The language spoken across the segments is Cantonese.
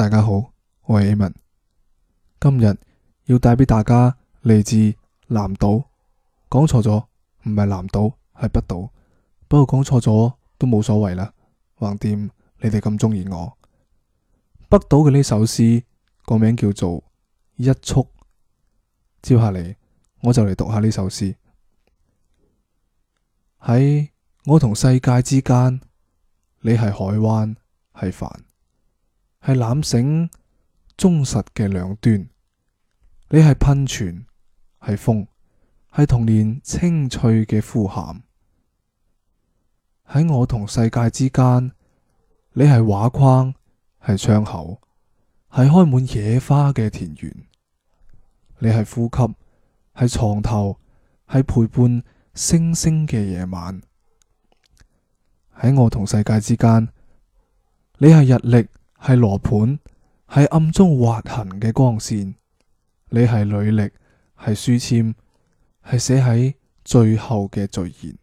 大家好，我係 A 文，今日要帶俾大家嚟自南島，講錯咗，唔係南島係北島，不過講錯咗都冇所謂啦，橫掂你哋咁中意我。北島嘅呢首詩個名叫做《一束》，接下嚟我就嚟讀下呢首詩。喺我同世界之間，你係海灣，係帆。係纜繩忠實嘅兩端，你係噴泉，係風，係童年清脆嘅呼喊。喺我同世界之間，你係畫框，係窗口，係開滿野花嘅田園。你係呼吸，係床頭，係陪伴星星嘅夜晚。喺我同世界之間，你係日曆。係羅盤，係暗中滑行嘅光線；你係履歷，係書籤，係寫喺最後嘅序言。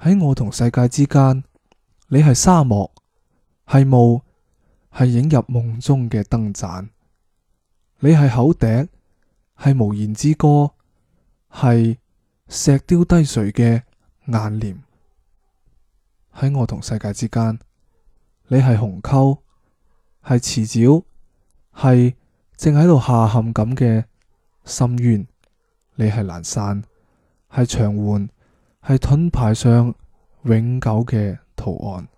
喺我同世界之間，你係紗幕，係霧，係映入夢中嘅燈盞。你係口笛，係無言之歌，係石雕低垂嘅眼簾。喺我同世界之間。你係鴻溝，係池沼，係正喺度下陷咁嘅深淵。你係柵欄，係牆垣，係盾牌上永久嘅圖案。